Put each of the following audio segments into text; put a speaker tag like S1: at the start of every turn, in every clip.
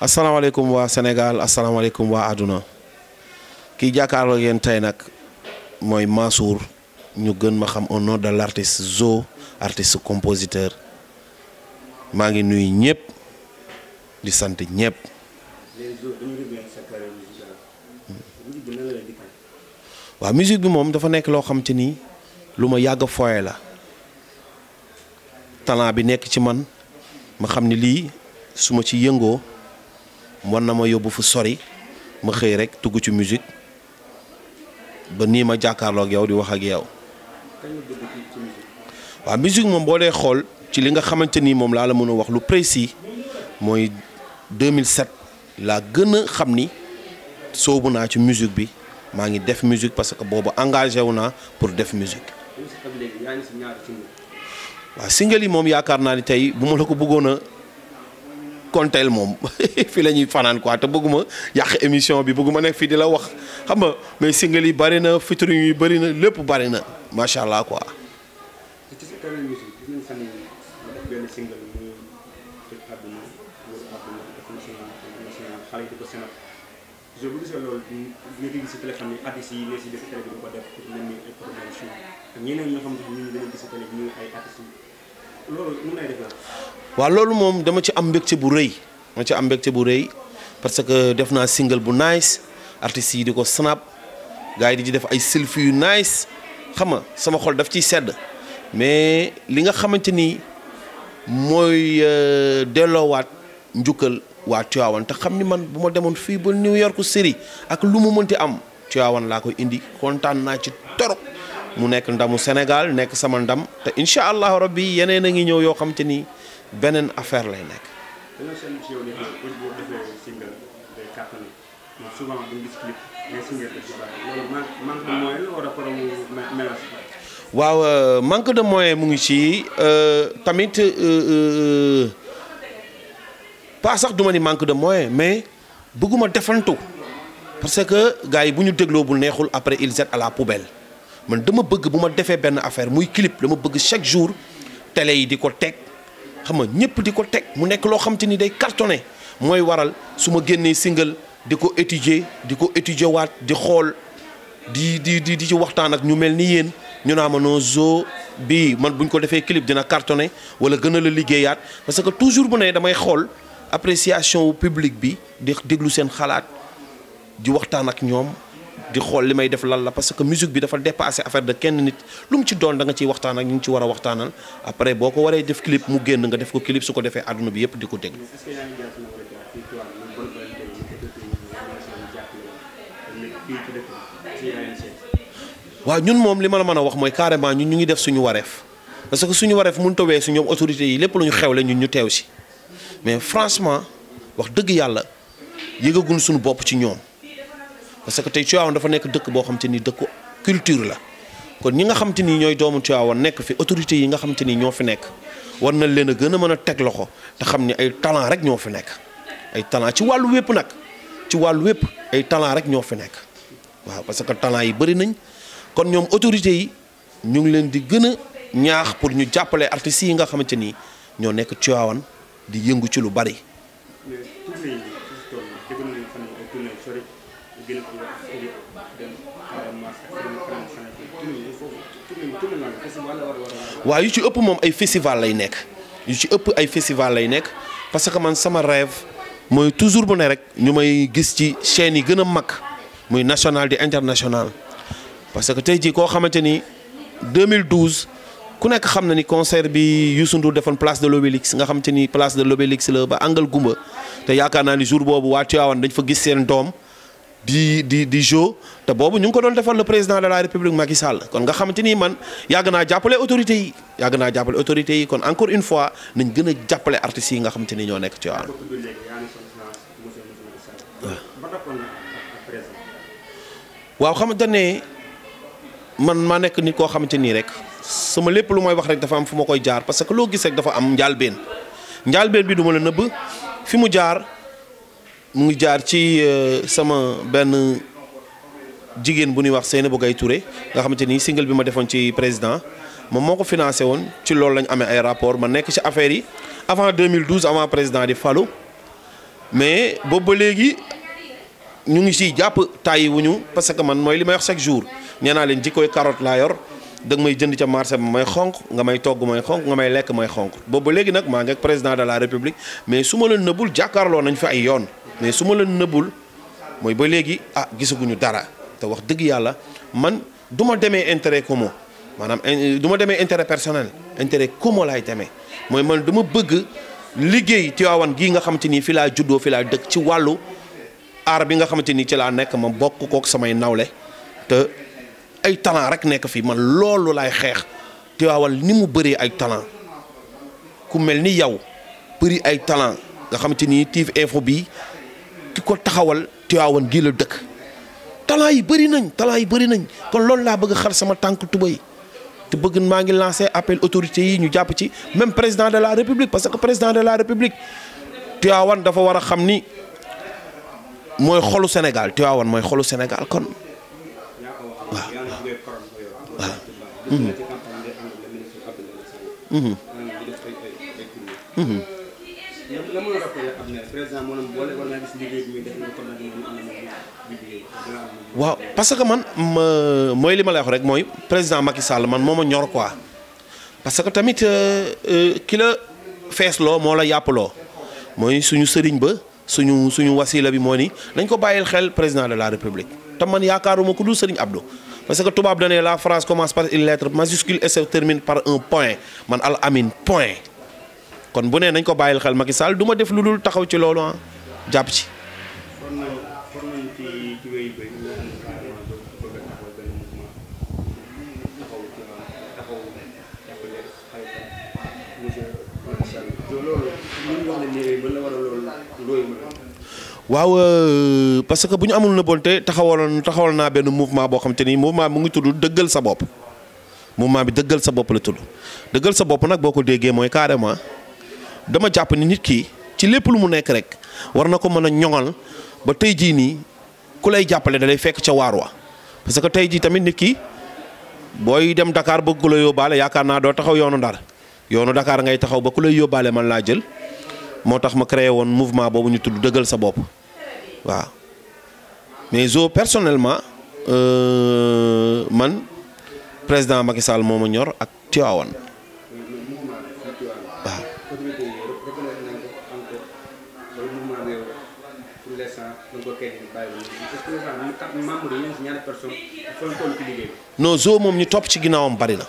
S1: asalaamaaleykum waa Sénégal asalaamaaleykum waa àdduna kii jàkkaarloo yéen tey nag mooy Mansour ñu gën ma xam au nom de l' artiste Zo artiste compositeur maa ngi nuyu ñépp di sant ñépp waaw musique bi moom dafa nekk loo xam te ni lu ma yàgg fooye la talent bi nekk ci man ma xam ni lii su ma ci yëngoo. war na ma yóbbu fu sori ma xëy rek tugg ci musique ba nii ma jàkkaarloog yow di wax ak yow. waa musique ma boo xool ci li nga xamante ni moom laa la mën a wax lu précis mooy 2007 laa gën a xam ni soobu naa ci musique bi maa ngi def musique parce que boobu engagé wu naa pour def musique. waaw single moom yaakaar naa ni tey bu ma la ko bëggoon a konteel moom fi la ñuy fanaan quoi te bëgguma yàq émission bi bëgguma nekk fii di la wax xam nga mais single yi bëri na featuring yi bëri na lépp bëri na macha allah quoi.
S2: je vous dis loolu si def
S1: waaw loolu moom dama ci am mbégte bu rëy dama ci am mbégte bu rëy parce que def naa single bu nice artistes yi di ko snap gars yi di ci def ay selfie yu nice xama sama xol daf ciy sedd mais li nga xamante ni mooy euh, delloowaat njukkal waa Tiwaawan te xam ni man bu ma demoon fii ba New York City ak lu mu mënti am Tiwaawan laa koy indi kontaan naa ci torop mu nek ndamu senegal nek sama ndam te incha allahu rabbi yeneen a ngi ñëw yoo xam te ni beneen affaire lay nek waaw euh, manque de moyens mu ngi ci euh, tamit euh, pas sax duma ni manque de moyens mais bëgguma defantou parce que gaay buñu bu bu neexul après ils jettent à la poubelle. man dama bëgg bu ma affaire clip chaque jour télé yi di ko xam nga ñëpp di ko mu ni day cartonné waral single di ko étudier di étudier waat di xool di di di di ci waxtaan ak ñu man buñ ko clip dina cartonné wala parce que toujours bu ne appréciation public bi di déglu seen xalaat di waxtaan ak di xool li may def lan la parce que musique bi dafa dépassé affaire de kenn nit lu mu ci doon da nga ciy waxtaan ak ñu ci a waxtaanal après boo ko waree def clip mu génn nga def ko clip su ko defee àdduna bi yëpp di ko déglu. waaw ñun moom li ma la mën a wax mooy carrément ñun ñu ngi def suñu wareef parce que suñu wareef mun a weesu ñoom autorités yi lépp lu ñu xewle ñun ñu teew si mais franchement wax dëgg yàlla yëgaguñ suñu bopp ci ñoom. parce que tey Tivaouane dafa nekk dëkk boo xam te ni dëkku culture la kon ñi nga xam te ni ñooy doomu Tivaouane nekk fi autorités yi nga xam ni ñoo fi nekk war na leen a gën a mën a teg te xam ni ay talent rek ñoo fi nekk ay talent ci wàllu wépp nag ci wàllu wépp ay talent rek ñoo fi nekk waaw parce que talent yi bëri nañ kon ñoom autorités yi ñu ngi leen di gën a ñaax pour ñu jàppale artistes yi nga xamante ni ñoo nekk Tivaouane di yëngu ci lu bari. gën yu ci ëpp moom ay festival lay nekk yu ci ëpp ay festival lay nekk parce que man sama rêve mooy toujours bu ne rek ñu may gis ci chaîne yi gën a mag muy national di international parce que tey jii koo xamante ni 2012 ku nekk xam na ni concert bi Youssou Ndour defoon place de l'Obélisque nga xamante ni place de l'Obélisque la ba angal gumba te yaakaar naa ni jour boobu waa Tivaouane dañ fa gis seen doom di di di jo te bobu ñu ko doon defal le président de la république Macky Sall kon nga xamanteni man yag na jàppale autorité yi yag na jàppale autorité yi kon encore une fois nañ gëna a artiste yi nga xamanteni ño nek ci waaw. waaw xamante ne man ma nek nit ko xamanteni rek sama lepp lu moy wax rek dafa am fuma koy jaar parce que lo gis rek dafa am njaalbeen ben bi duma la neub fi mu jaar. mu ngi jaar ci euh, sama benn jigéen bu ñuy wax Seynabou Gaye Touré nga xamante ni single bi ma defoon ci président moom moo ko financé woon ci loolu lañ amee ay rapport ma nekk ci affaire yi avant 2012 avant président di falu mais boobu ba léegi ñu ngi si jàpp tàyyi wuñu parce que man mooy li may wax chaque jour nee naa leen jikkooy carotte laa yor danga may jënd ca marché ba may xonq nga may togg may xonq nga may lekk may xonq boobu ba léegi nag maa ngi ak président de la république mais su ma la jàkkaarloo nañ fi ay mais su ma la nëbbul mooy ba léegi ah gisaguñu dara te wax dëgg yàlla man duma ma demee intérêt commun maanaam du ma demee intérêt personnel intérêt commun laay demee mooy man dama bëgg liggéey Tiwaawan gii nga xamante ni fi laa juddoo fi laa dëkk ci wàllu aar bi nga xamante ni ci laa nekk ma bokk kook samay nawle te ay talent rek nekk fii man loolu laay xeex Tiwaawan ni mu bëree ay talent ku mel ni yow bëri ay talent nga xamante ni TIV info bii ki ko taxawal Tiwaawan gii la dëkk talent yi bëri nañ talent yi bëri nañ kon loolu laa bëgg xar sama tànk tubay te bëgg maa ngi lancé appel autorité yi ñu jàpp ci même président de la république parce que président de la république Tiwaawan dafa war a xam ni mooy xolu Sénégal Tiwaawan mooy xolu Sénégal kon
S2: waaw a président maanaam boole
S1: waaw parce que man ma mooy li ma la wax rek mooy président Macky Sall man moo ma ñor quoi parce que tamit euh, euh, ki la feesloo moo la yàppaloo mooy suñu sëriñ ba suñu suñu wasila bi moo ni nañ ko bàyyil xel président de la république te man yaakaaruma ku dul sëriñ Abdou. parce que tubaab da ne la France commence par une lettre majuscule et se termine par un point man al amin point. kon bu nee nañ ko bàyyil xel Macky Sall du def lu dul taxaw ci loolu ah, jàpp ci. waaw euh, parce que bu ñu amul te bonte taxawaloon taxawal naa benn mouvement boo xam te ni mouvement mu ngi tudd dëggal sa bopp mouvement bi dëggal sa bopp la tudd dëggal sa bopp nag boo ko déggee mooy carrément. dama japp ni nit ki ci lepp lu mu nek rek war nako meuna ñongal ba tay ji ni ku lay jàppale fekk ci war wa parce que tay ji tamit nit ki boy dem Dakar bëgg ku la yóbbaale yaakaar taxaw yoonu dar yoonu Dakar ngay taxaw ba ku lay man la jël motax ma créé won mouvement bobu ñu tuddu deugal sa bop wa mais zo personnellement euh, man président Macky Sall moma ñor ak tiawone
S2: membre yi ñaari
S1: moom ñu topp ci ginnaawam bari na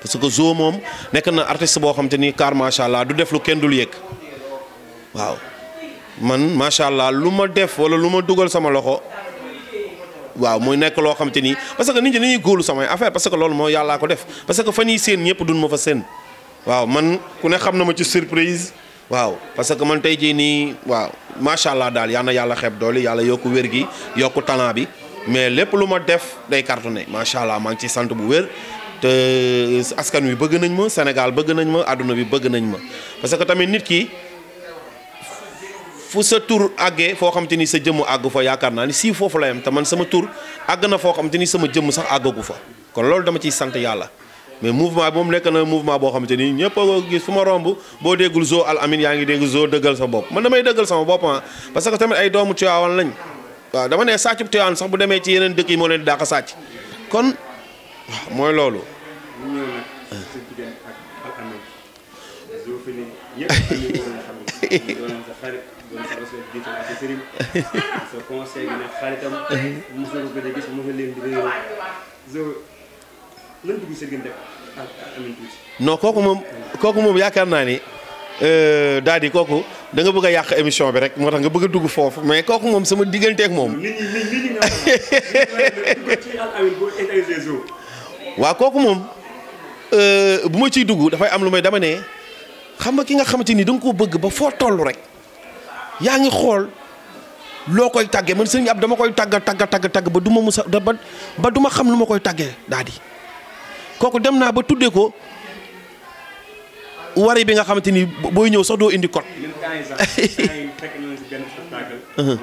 S1: parce que Zo moom nekk na artiste boo xam te ni car macha allah du def lu kenn dul yëg waaw man macha allah lu ma def wala lu ma dugal sama loxo waaw muy nekk loo xam te ni parce que nit ñi dañuy góolu samay affaire parce que loolu moo yàllaa ko def parce que fa yii seen ñëpp duñ ma fa seen waaw man ku ne xam na ma ci surprise. waaw parce que man tey jii nii waaw macha allah daal yal na yàlla xeeb doole yàlla yokk wér gi yokk talent bi mais lépp lu ma def day cartonné macha allah maa ngi ci sant bu wér. te euh, askan wi bëgg nañ ma Sénégal bëgg nañ ma àdduna bi bëgg nañ ma parce que tamit nit ki fu sa tur àggee foo xam te ni sa jëmm àggu fa yaakaar naa ni si foofu la yam te man sama tur àgg na foo xam te ni sama jëmm sax àggagu fa kon loolu dama ciy sant yàlla. mais mouvement bi moom nekk na mouvement boo xamante ni ñëpp a gis fu ma romb boo déggul zoo al yaa ngi dégg zoo dëggal sa bopp man damay dëggal sama bopp ah parce que tamit ay doomu Tiwaawan lañ waaw dama ne sàccub Tiwaawan sax bu demee ci yeneen dëkk yi moo leen dàq sàcc kon mooy loolu.
S2: lan
S1: dugg kooku moom kooku moom yaakaar naa ni euh, daal di kooku danga bëgg a yàq émission bi rek moo tax nga bëgg a dugg foofu mais kooku moom sama digganteeg moom. nit kooku moom euh, bu ma ciy dugg dafay am lu may dama ne xam nga ki nga xamante ni da koo bëgg ba foo toll rek yaa ngi xool. loo koy tàggee man sëriñ ab dama koy tàgg tàgg tàgg tàgg ba du ma musa ba ba du xam lu ma koy tàggee daal kooku dem naa ba tuddee ko wari bi nga xamante ni ñëw sax doo indi code. Uh-huh.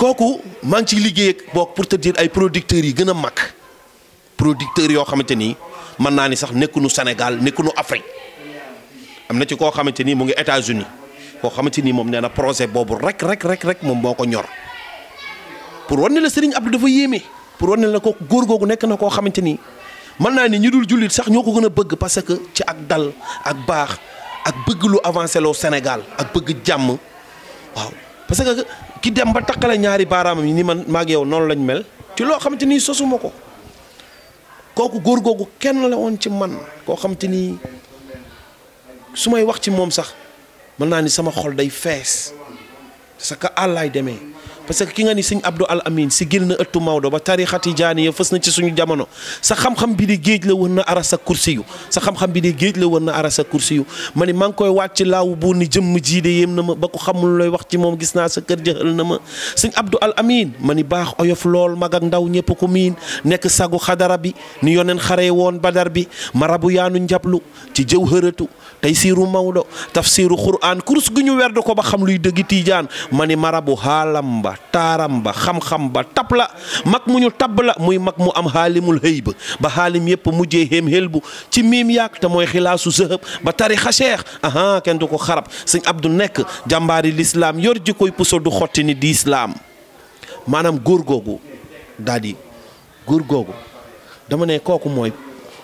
S1: Euh, kooku maa ngi ciy liggéey ak pour te ay producteurs yi gën a mag producteur yoo xamante ni mën naa ni sax nekkunu Sénégal nekkuñu Afrique. am na ci koo xamante ni mu ngi États-Unis koo xamante ni moom nee na projet boobu rek rek rek rek moom moo ko ñor pour wan ne la Serigne ab dafa yéeme pour wan la ko góor googu nekk na koo xamante ni mën naa ni ñu dul sax ñoo ko gën a bëgg parce que ci ak dal ak baax ak bëgg lu avancé loo Sénégal ak bëgg jàmm parce que ki dem ba takkale ñaari baaraamam yi ni man maag yow noonu lañ mel ci loo xamante ni sosuma ko kooku góor googu kenn la ci man koo xamante ni su may wax ci moom sax mën naa ni sama xol day fees parce que àllaay demee parce que ki nga ni sëñ Abdou Al Amin si gil na ëttu Maodo ba tarixa tijaaniya fës na ci suñu jamono sa xam-xam bi di géej la wër na arasa kursi yu sa xam bi di géej la na arasa kursi yu ma ni maa ngi koy wàcc laaw bu ni jëmm jii de yéem na ma ba ko xamul looy wax ci moom gis naa sa kër jëxal na ma sëñ Abdou Al Amin ma ni baax oyof lool mag ak ndaw ñëpp ko miin nekk sagu xadara bi ni yoneen xare woon badar bi marabu yaanu njablu ci jëw hëratu tey siiru Maodo tafsiru Qur'an kurs gu ñu werd ko ba xam luy dëgg tijaan ma ni marabu xaalamba taaram ba xam-xam ba tab mag mu ñu tab muy mag mu am xaalimul hëy ba ba xaalim yëpp mujjee xéem xel bu ci miim yàgg te mooy xilaasu sëhëb ba tarixa cheikh aha kenn du ko xarab ab du nekk jàmbaari lislaam yor ji koy puso du xotti ni di islaam maanaam góor googu daal di góor googu dama ne kooku mooy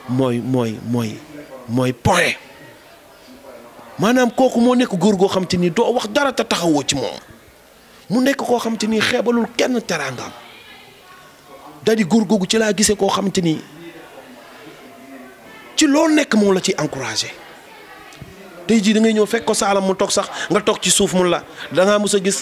S1: mooy mooy mooy mooy point maanaam kooku moo nekk góor goo xam te ni doo wax dara te taxawoo ci moom mu nekk koo xamante ni xeebalul kenn teraangaam dadi góor googu ci laa gisee koo xamante ni ci loo nekk moom la ci encouragé tey jii da ngay ñëw fekk ko saalam mu toog sax nga toog ci suuf mun la danga ngaa mës a gis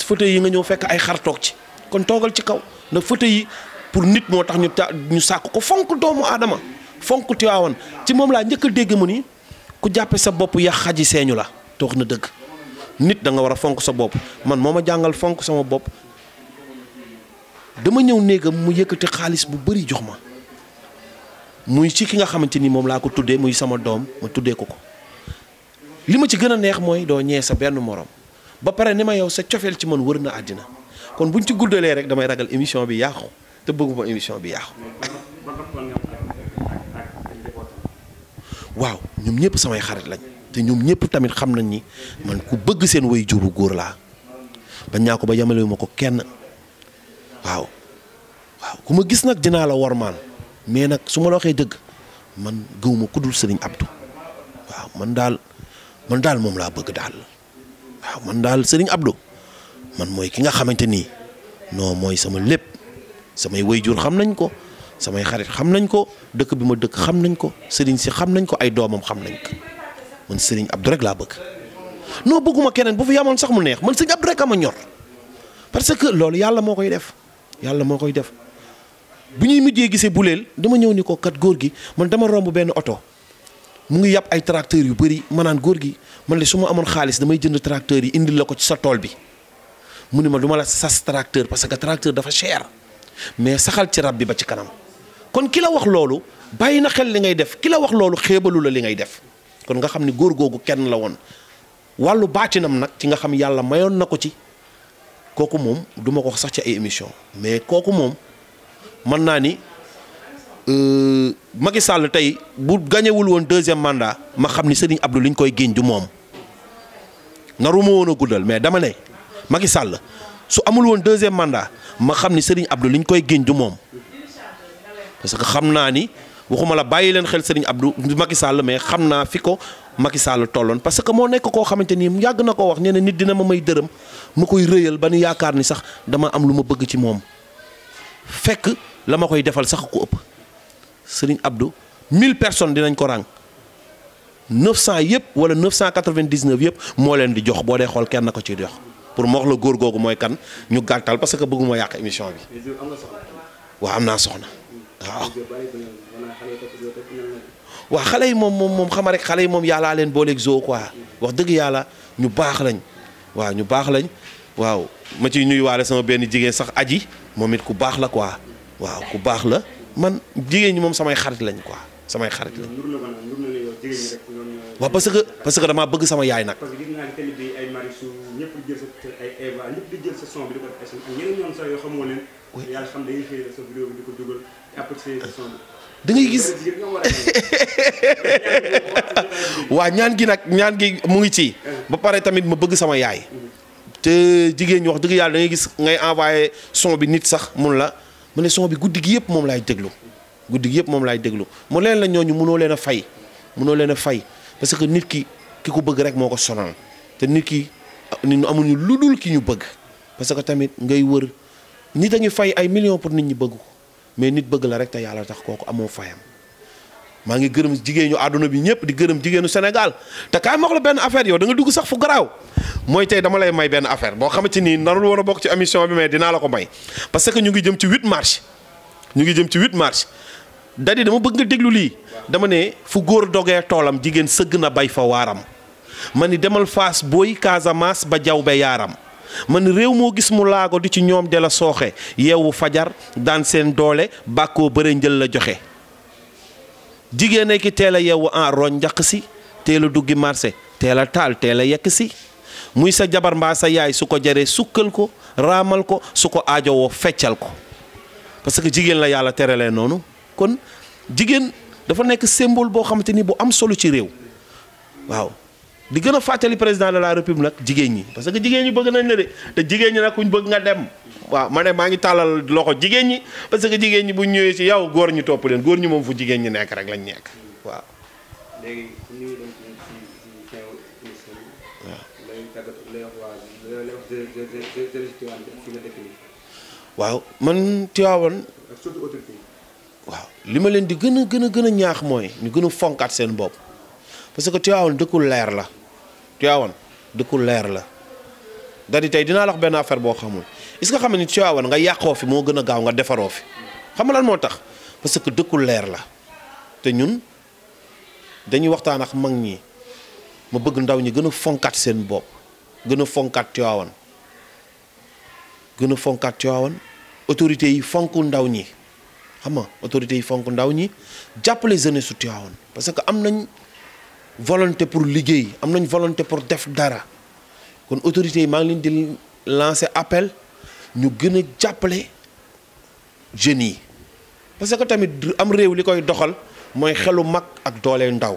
S1: fauteuil yi nga ñëw fekk ay xar toog ci kon toogal ci kaw na fauteuil yi pour nit moo tax ñu ta ñu sàkk ko fonk doomu aadama fonk Tiwaawan ci moom laa njëkk dégg mu ni ku jàppe sa bopp yax xaji seeñu la toog na dëgg nit da nga war a fonk sa bopp man moo ma jàngal fonk sama bopp dama ñëw néegam mu yëkkati xaalis bu bari jox ma muy ci ki nga xamante ni moom laa ko tuddee muy sama doom ma tuddee ko ko li ma ci gën a neex mooy doo ñee sa benn moroom ba pare ni ma yow sa cofeel ci man wër na àddina kon buñ ci guddalee rek damay ragal émission bi yàqu te bëgguma émission bi yàqu. waaw ñoom ñëpp samay xarit lañ. te ñoom ñépp tamit xam nañ ni man ku bëgg seen way juru góor laa bañ ñaa ko ba yamale ma ko kenn waaw waaw ku ma gis nag dinaa la wormaan mais nag su ma la waxee dëgg man gëwuma ku dul sëriñ Abdou waaw man daal man daal moom laa bëgg daal waaw man daal sëriñ Abdou man mooy ki nga xamante nii noo mooy sama lépp samay jur xam nañ ko samay xarit xam nañ ko dëkk bi ma dëkk xam nañ ko sëriñ si xam nañ ko ay doomam xam nañ man sëriñ Abdou rek laa bëgg noo bëgguma keneen bu fi yamoon sax mu neex man sëriñ Abdou rek a ma ñor parce que loolu yàlla moo koy def yàlla moo koy def bu ñuy mujjee gisee buleel dama ñëw ni ko kat góor gi man dama romb benn oto mu ngi yàpp ay tracteurs yu bëri ma naan góor gi man le su ma amoon xaalis damay jënd tracteurs yi indi la ko ci sa tool bi mu ni ma duma la sas tracteur parce que tracteur dafa cher mais saxal ci rab bi ba ci kanam kon ki la wax loolu bàyyi na xel li ngay def ki la wax loolu xeebalu la li ngay def. kon nga xam ni góor googu kenn la woon wàllu nam nag ci nga xam yàlla mayoon na ko ci kooku moom duma ko sax ci ay émission mais kooku moom mën naa ni euh, Macky Sall tey bu gañewul woon deuxième mandat ma xam ni Serigne Abdou liñ koy génn moom naru ma mais dama ne Sall su amul woon deuxième mandat ma xam ni Serigne Abdou liñ koy génn du moom parce que xam naa ni. waxuma la bàyyi leen xel Serigne Abdou Macky Sall mais xam naa fi ko Macky Sall tolloon parce que moo nekk koo xamante ni yàgg na ko wax nee nit dina ma may dërëm ma koy rëyal ba nu yaakaar ni sax dama am lu ma bëgg ci moom fekk la ma koy defal sax ko ëpp Serigne Abdou mille personnes dinañ ko ràng 900 yëpp wala 999 yëpp moo leen di jox boo dee xool kenn ko ciy jox pour ma wax la góor googu mooy kan ñu gàttal parce que bëgguma yàq émission bi. waa am naa soxna. waaw waaw xale yi moom moom moom xama rek xale yi moom yàllaa leen booleeg zoo quoi wax dëgg yàlla ñu baax lañ waaw ñu baax lañ waaw ma ci ciy nuyuwaale sama benn jigéen sax aji moom it ku baax la quoi waaw ku baax la man jigéen ñi moom samay xarit lañ quoi samay xarit lañ.
S2: waaw parce que damaa
S1: bëgg sama yaay nag. parce
S2: que yàlla xam
S1: gis waa ñaan gi nag ñaan gi mu ngi ci. ba pare tamit ma bëgg sama yaay. te jigéen ñu wax dëgg yàlla da gis ngay envoyé son bi nit sax mun la mu ne son bi guddi gi yëpp moom laay déglu. guddi yëpp moom laay déglu mu leen la ñoo ñu munoo leen a fay munoo leen a fay parce que nit ki ki ko bëgg rek moo ko sonal te nit ki amuñu lu dul ki ñu bëgg parce que tamit ngay wër. nit dañu fay ay millions pour nit ñi bëgg ko mais nit bëgg la rek ta yalla tax koku amo fayam ma ngi gërëm jigéenu aduna bi ñëpp di gërëm jigéenu Sénégal ta kaay ma xlo ben affaire yow da nga dugg sax fu graw moy tay dama lay may ben affaire bo xamanteni ni narul wona bok ci émission bi mais dina la ko may parce que ñu ngi jëm ci 8 mars ñu ngi jëm ci 8 mars dadi dama bëgg déglu li dama né fu goor dogé tolam jigéen sëgg na bay fa waram mani demal fas boy Casamance ba jaw be man réew moo gis mu laago du ci ñoom de la sooxe yeewu fajar daan seen doole bàkkoo bëre njël la joxe jigéen ki teel a yeewu en roñ njaq si teel a duggi marché teel a taal teel a yekk si muy sa jabar mbaa sa yaay su ko jaree sukkal ko raamal ko su ko aajowoo feccal ko parce que jigéen la yàlla teralee noonu kon jigéen dafa nekk sembool boo xamante ni bu am solo ci réew waaw di gëna fatali président de la république nak jigéñ ñi parce que jigéñ ñi bëgg nañ la dé té jigéñ ñi nak kuñ bëgg nga dem waaw ma ngi talal loxo jigéñ ñi parce que jigéñ ñi bu ñëwé ci yaw góor ñi top leen góor ñi mom fu jigéñ ñi nekk rek lañ nekk waaw.
S2: légui ku ñëw dem ci ci lay lay wax
S1: waaw man Tivaouane. waaw li ma leen di gën a gën a gën a ñaax moy ñu gëna fonkat seen bop parce que Tivaouane dëkkul leer la. Tiwaawan dëkku leer la da di tey dinaa la benn affaire boo xamul is ce que xam ni Tiwaawan nga yàqoo fi moo gën a gaaw nga defaroo fi xam nga lan moo tax parce que dëkku leer la te ñun dañuy waxtaan ak mag ñi ma bëgg ndaw ñi gën a fonkaat seen bopp gën a fonkaat Tiwaawan gën a fonkaat Tiwaawan autorités yi fonk ndaw ñi xam nga autorités yi fonk ndaw ñi jàppale jeunesse Tiwaawan parce am nañ volonté pour liggéey am nañ volonté pour def dara kon autorité yi maa ngi lancer appel ñu gën a génie. parce que tamit am réew li koy doxal mooy xelu mag ak doole ndaw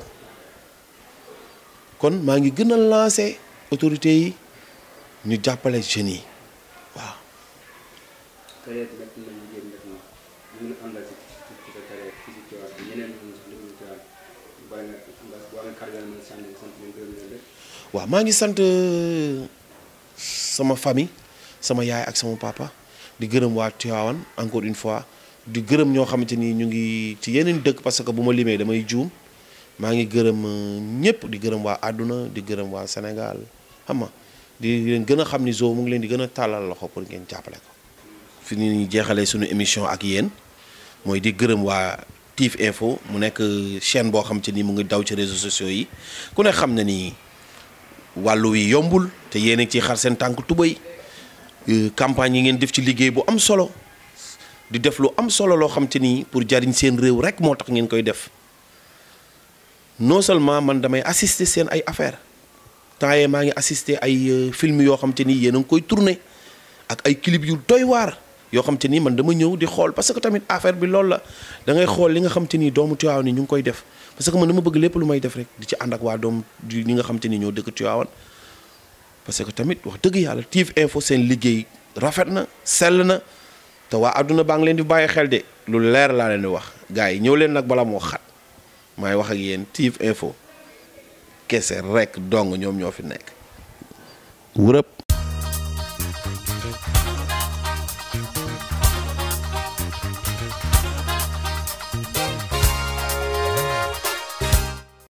S1: kon maa ngi gën a lancer autorité, yi ñu jàppale jeunes yi waaw. waaw maa ngi sant euh, sama famille sama yaay ak sama papa di gërëm waa Tivaouane encore une fois di gërëm ñoo xamante ni ñu ngi ci yeneen dëkk parce que bu ma limee damay juum maa ngi gërëm euh, ñëpp di gërëm waa àdduna di gërëm waa Sénégal xam nga di leen gën a xam ni Zo mu ngi leen di gën a tàllal loxo pour ngeen jàppale ko. fi ni ñu jeexalee suñu émission ak yéen mooy di gërëm waa TIV Info mu nekk euh, chaîne boo xam te ni mu ngi daw ci réseaux sociaux yi ku ne xam na ni. wàllu wi yombul te yéen a ci xar seen tànk tubéy euh, campagne yi ngeen def ci liggéey bu am solo di def lu am solo loo xam te ni pour jariñ seen réew rek moo tax ngeen koy def non seulement man damay assister seen ay affaire temps maa ngi assister ay euh, film yoo xam te ni yéen a ngi koy tourner ak ay clip yu doy waar yoo xam te ni man dama ñew di xol parce que tamit affaire bi lool la da ngay xol li nga xam te ni doomu Tiwaawan ni ñu koy def parce que man dama bëgg lepp lu may def rek di ci and ak waa doomu ñi nga xam te ni ñoo dëkk Tiwaawan parce que tamit wax dëgg yalla tif info seen liggéey rafet na sell na te waa àdduna baa ngi leen di baye xel de lu leer la leen di wax gaay ñew leen nak bala mo xat may wax ak yeen tif info kese rek dong ñom ñofi fi nekk